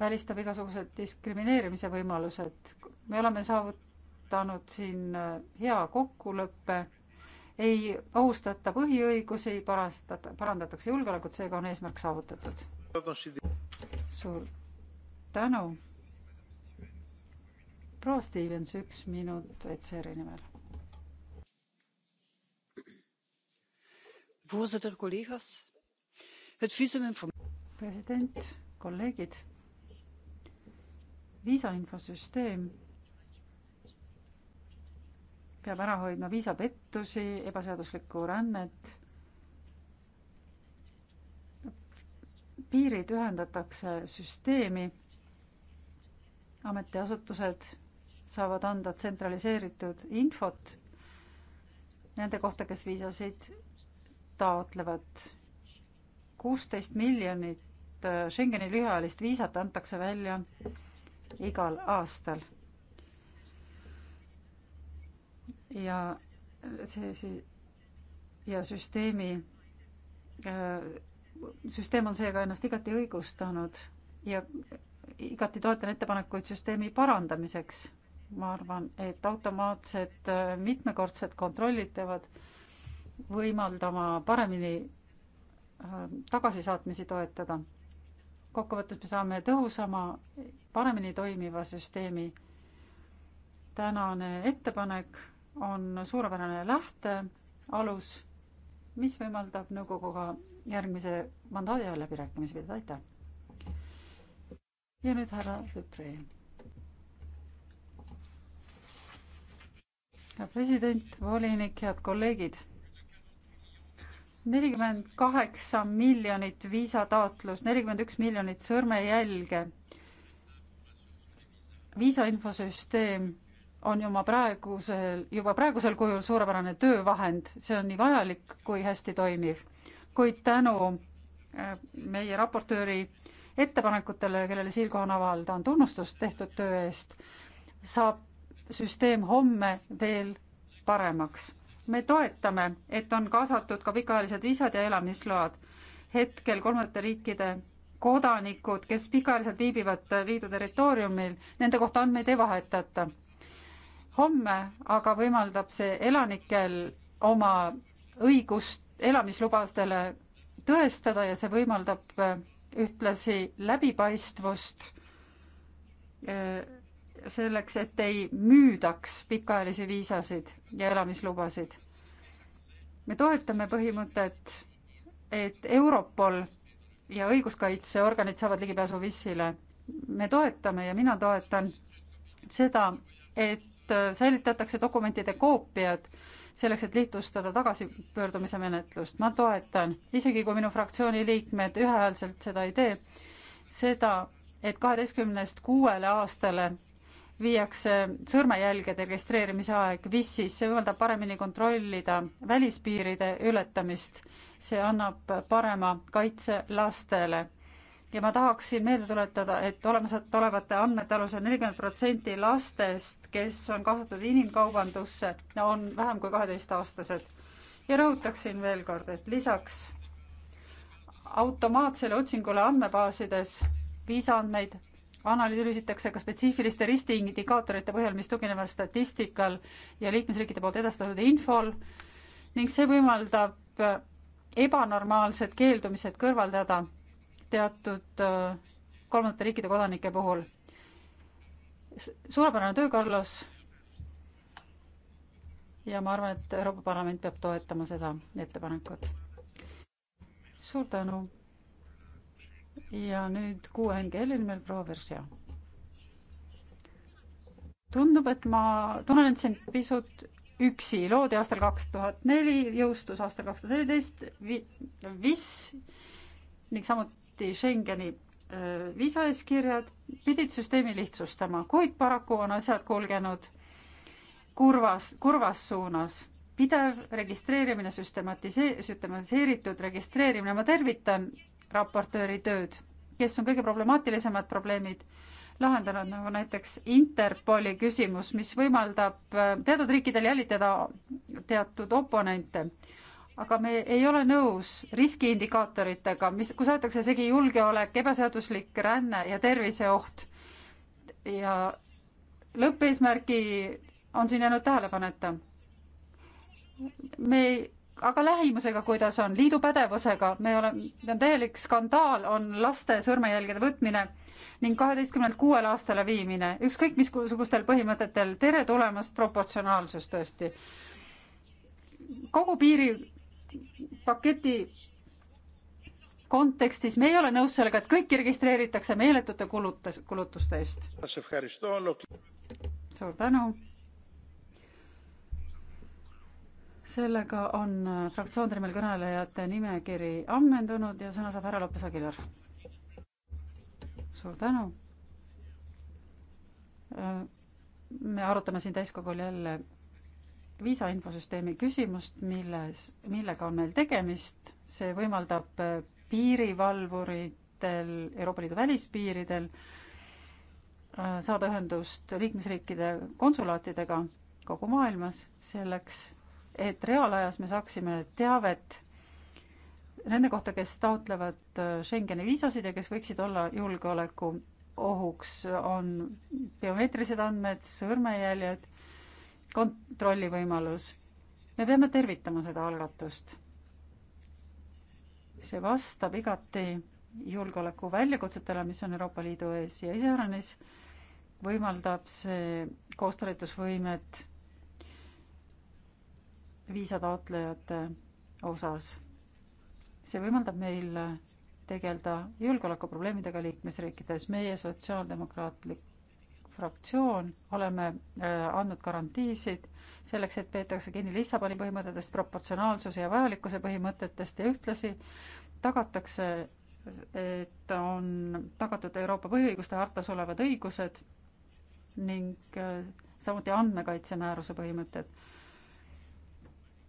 välistab igasugused diskrimineerimise võimalused. me oleme saavutanud siin äh, hea kokkuleppe, ei ohustata põhiõigusi, parandatakse julgeolekut, seega on eesmärk saavutatud. suur tänu. proua Stevens, üks minut ETSR-i nimel. president, kolleegid. viisainfosüsteem peab ära hoidma viisapettusi, ebaseaduslikku rännet piirid ühendatakse süsteemi, ametiasutused saavad anda tsentraliseeritud infot nende kohta, kes viisasid taotlevad. kuusteist miljonit äh, Schengeni lühiajalist viisat antakse välja igal aastal. ja see siis ja süsteemi, äh, süsteem on seega ennast igati õigustanud ja igati toetan ettepanekuid süsteemi parandamiseks. ma arvan, et automaatsed äh, mitmekordsed kontrollid peavad võimaldama paremini äh, tagasisaatmisi toetada. kokkuvõttes me saame tõhusama, paremini toimiva süsteemi. tänane ettepanek on suurepärane lähtealus, mis võimaldab nõukoguga järgmise mandaadi ajal läbirääkimisi pidada, aitäh! ja nüüd härra Dupre. hea president, volinik, head kolleegid. nelikümmend kaheksa miljonit viisataotlust, nelikümmend üks miljonit sõrmejälge. viisa infosüsteem on juba praegusel, juba praegusel kujul suurepärane töövahend, see on nii vajalik kui hästi toimiv. kuid tänu äh, meie raportööri ettepanekutele, kellele siinkohal avaldan tunnustust tehtud töö eest, saab süsteem homme veel paremaks. me toetame, et on kaasatud ka pikaajalised viisad ja elamisload. hetkel kolmandate riikide kodanikud, kes pikaajaliselt viibivad liidu territooriumil, nende kohta andmeid ei vahetata. homme aga võimaldab see elanikel oma õigust elamislubadele tõestada ja see võimaldab ühtlasi läbipaistvust eh, selleks, et ei müüdaks pikaajalisi viisasid ja elamislubasid. me toetame põhimõtet, et Europol ja õiguskaitseorganid saavad ligipääsu VIS-ile. me toetame ja mina toetan seda, et eh, säilitatakse dokumentide koopiad selleks, et lihtsustada tagasipöördumise menetlust. ma toetan, isegi kui minu fraktsiooni liikmed ühehäälselt seda ei tee, seda, et kaheteistkümnest kuuele aastale viiakse sõrmejälgede registreerimise aeg VIS-is, see võimaldab paremini kontrollida välispiiride ületamist, see annab parema kaitse lastele ja ma tahaksin meelde tuletada, et olemasolevate andmete alusel nelikümmend protsenti lastest, kes on kaasatud inimkaubandusse, on vähem kui kaheteistaastased. ja rõhutaksin veel kord, et lisaks automaatsele otsingule andmebaasides viisaandmeid analüüsitakse ka spetsiifiliste ristiindikaatorite põhjal, mis tuginevad statistikal ja liikmesriikide poolt edastatud infol ning see võimaldab ebanormaalsed keeldumised kõrvaldada teatud äh, kolmandate riikide kodanike puhul. suurepärane töö, Carlos. ja ma arvan, et Euroopa Parlament peab toetama seda ettepanekut. suur tänu. ja nüüd QNGL-i nimel proua Veržia. tundub, et ma tunnen end siin pisut üksi, loodi aastal kaks tuhat neli, jõustus aastal kaks tuhat neliteist, vis ning samuti samuti Schengeni viisaeeskirjad pidid süsteemi lihtsustama, kuid paraku on asjad kulgenud kurvas, kurvas suunas. pidev registreerimine, süstematise-, süstematiseeritud registreerimine, ma tervitan raportööri tööd, kes on kõige problemaatilisemad probleemid lahendanud, nagu näiteks Interpoli küsimus, mis võimaldab teatud riikidel jälitada teatud oponente aga me ei ole nõus riskiindikaatoritega, mis, kus aetakse segi julgeolek, ebaseaduslik ränne ja terviseoht. ja lõppeesmärgi on siin jäänud tähelepanuta. me ei, aga lähimusega, kuidas on, liidu pädevusega, me oleme, see on täielik skandaal, on laste sõrmejälgede võtmine ning kaheteistkümnelt kuuele aastale viimine, ükskõik missugustel põhimõtetel, tere tulemast proportsionaalsus tõesti. kogu piiri paketi kontekstis me ei ole nõus sellega, et kõiki registreeritakse meeletute kulutus, kulutuste eest. suur tänu. sellega on äh, fraktsioonide nimel kõnelejate nimekiri ammendunud ja sõna saab härra Lopes-Agilar. suur tänu. Äh, me arutame siin täiskogul jälle viisa infosüsteemi küsimust, milles, millega on meil tegemist, see võimaldab äh, piirivalvuritel Euroopa Liidu välispiiridel äh, saada ühendust liikmesriikide konsulaatidega kogu maailmas selleks, et reaalajas me saaksime teavet nende kohta, kes taotlevad äh, Schengeni viisasid ja kes võiksid olla julgeolekuohuks, on biomeetrilised andmed, sõrmejäljed kontrolli võimalus. me peame tervitama seda algatust. see vastab igati julgeoleku väljakutsetele, mis on Euroopa Liidu ees ja iseäranis võimaldab see koostalitusvõimet viisataotlejate osas. see võimaldab meil tegeleda julgeolekuprobleemidega liikmesriikides. meie sotsiaaldemokraatlik fraktsioon oleme äh, andnud garantiisid selleks, et peetakse kinni Lissaboni põhimõtetest, proportsionaalsuse ja vajalikkuse põhimõtetest ja ühtlasi tagatakse, et on tagatud Euroopa põhiõiguste hartas olevad õigused ning äh, samuti andmekaitsemääruse põhimõtted.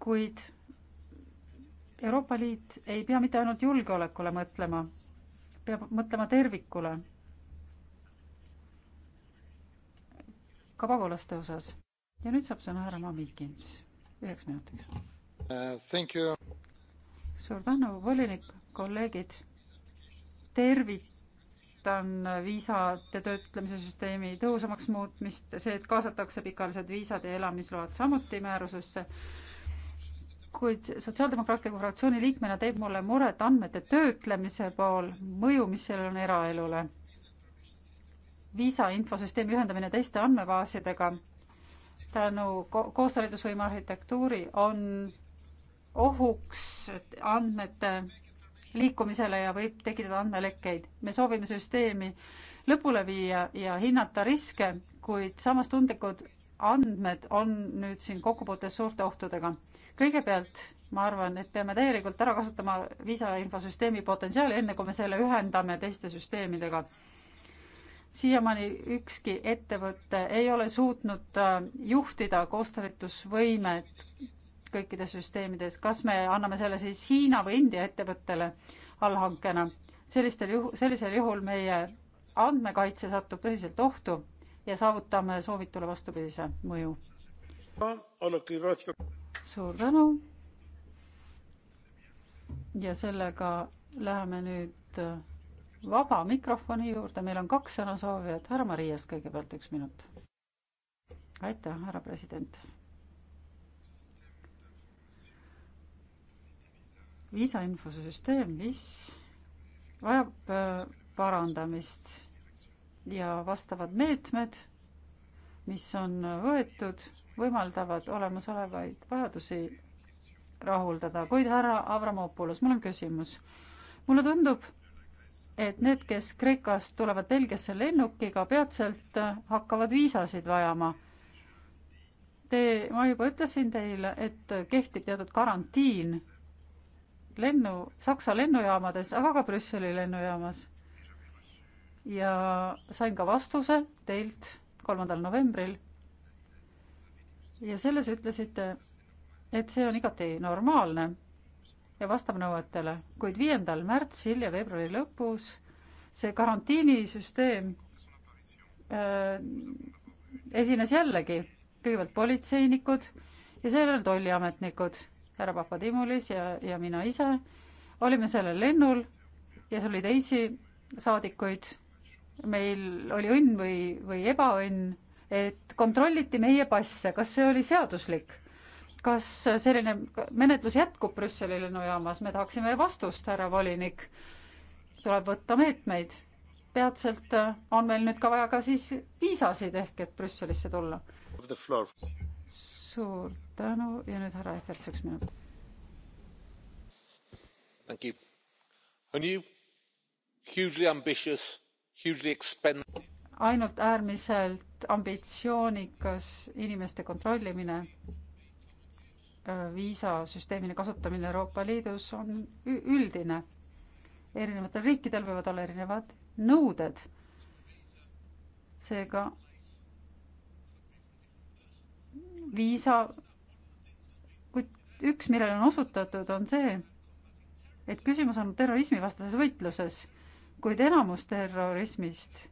kuid Euroopa Liit ei pea mitte ainult julgeolekule mõtlema, peab mõtlema tervikule ka pagulaste osas. ja nüüd saab sõna härra Mamikins üheks minutiks uh,. suur tänu, volinik, kolleegid. tervitan viisade töötlemise süsteemi tõhusamaks muutmist, see, et kaasatakse pikaajalised viisad ja elamisload samuti määrusesse kuid Sotsiaaldemokraatliku fraktsiooni liikmena teeb mulle muret andmete töötlemise pool, mõju, mis sellel on eraelule viisa infosüsteemi ühendamine teiste andmebaasidega tänu ko koostööharidusvõime arhitektuuri on ohuks andmete liikumisele ja võib tekitada andmelekkeid. me soovime süsteemi lõpule viia ja hinnata riske, kuid samas tundlikud andmed on nüüd siin kokkupuutes suurte ohtudega. kõigepealt ma arvan, et peame täielikult ära kasutama viisa infosüsteemi potentsiaali, enne kui me selle ühendame teiste süsteemidega siiamaani ükski ettevõte ei ole suutnud äh, juhtida koostalitusvõimet kõikides süsteemides. kas me anname selle siis Hiina või India ettevõttele allhankena? sellistel juhul, sellisel juhul meie andmekaitse satub tõsiselt ohtu ja saavutame soovitule vastupidise mõju. suur tänu. ja sellega läheme nüüd äh, vaba mikrofoni juurde, meil on kaks sõnasoovijat, härra Marias kõigepealt üks minut. aitäh, härra president. viisa infosüsteem, viis, vajab äh, parandamist ja vastavad meetmed, mis on võetud, võimaldavad olemasolevaid vajadusi rahuldada, kuid härra Avramopoulos, mul on küsimus. mulle tundub, et need, kes Kreekast tulevad Belgiasse lennukiga, peatselt äh, hakkavad viisasid vajama. Te, ma juba ütlesin teile, et kehtib teatud karantiin lennu, Saksa lennujaamades, aga ka Brüsseli lennujaamas. ja sain ka vastuse teilt kolmandal novembril. ja selles ütlesite, et see on igati normaalne ja vastab nõuetele, kuid viiendal märtsil ja veebruari lõpus see karantiinisüsteem äh, esines jällegi kõigepealt politseinikud ja seejärel tolliametnikud, härra Papadimulis ja, ja mina ise olime sellel lennul ja seal oli teisi saadikuid. meil oli õnn või, või ebaõnn, et kontrolliti meie passe, kas see oli seaduslik kas selline menetlus jätkub Brüsseli lennujaamas, me tahaksime vastust, härra volinik. tuleb võtta meetmeid. peatselt äh, on meil nüüd ka vaja ka siis viisasid ehk, et Brüsselisse tulla. suur tänu ja nüüd härra Eifert, üks minut. Thank you. A new, hugely ambitious, hugely expensive ainult äärmiselt ambitsioonikas inimeste kontrollimine Äh, viisasüsteemile kasutamine Euroopa Liidus on üldine. erinevatel riikidel võivad olla erinevad nõuded. seega viisa, kuid üks, millele on osutatud, on see, et küsimus on terrorismivastases võitluses, kuid enamus terrorismist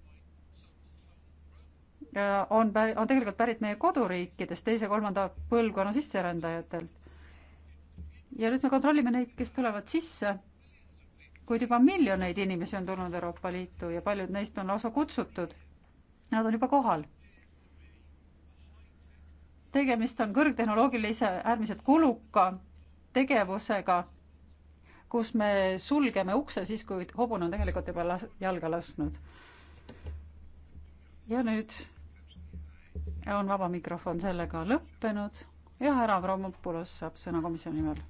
Äh, on päri, on tegelikult pärit meie koduriikidest, teise-kolmanda põlvkonna sisserändajatelt. ja nüüd me kontrollime neid, kes tulevad sisse, kuid juba miljoneid inimesi on tulnud Euroopa Liitu ja paljud neist on lausa kutsutud. Nad on juba kohal. tegemist on kõrgtehnoloogilise, äärmiselt kuluka tegevusega, kus me sulgeme ukse siis, kui hobune on tegelikult juba las-, jalga lasknud. ja nüüd on vaba mikrofon sellega lõppenud ja härra Avramopulos saab sõna komisjoni nimel.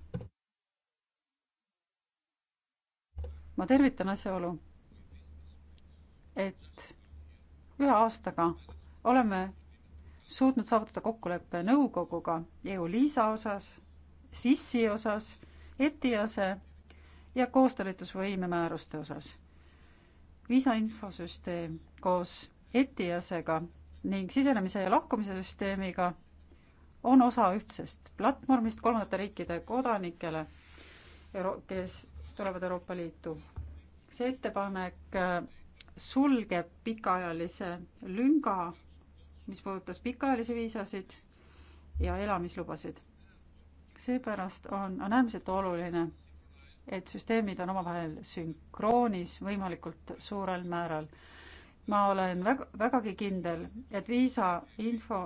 ma tervitan asjaolu, et ühe aastaga oleme suutnud saavutada kokkuleppe nõukoguga EU-LISA osas, SIS-i osas, ETIAS-e ja koostalitusvõime määruste osas. viisa infosüsteem koos ETIAS-ega ning sisenemise ja lahkumise süsteemiga on osa ühtsest platvormist kolmandate riikide kodanikele, kes tulevad Euroopa Liitu. see ettepanek äh, sulgeb pikaajalise lünga, mis puudutas pikaajalisi viisasid ja elamislubasid. seepärast on, on äärmiselt oluline, et süsteemid on omavahel sünkroonis võimalikult suurel määral ma olen väga, vägagi kindel, et viisa info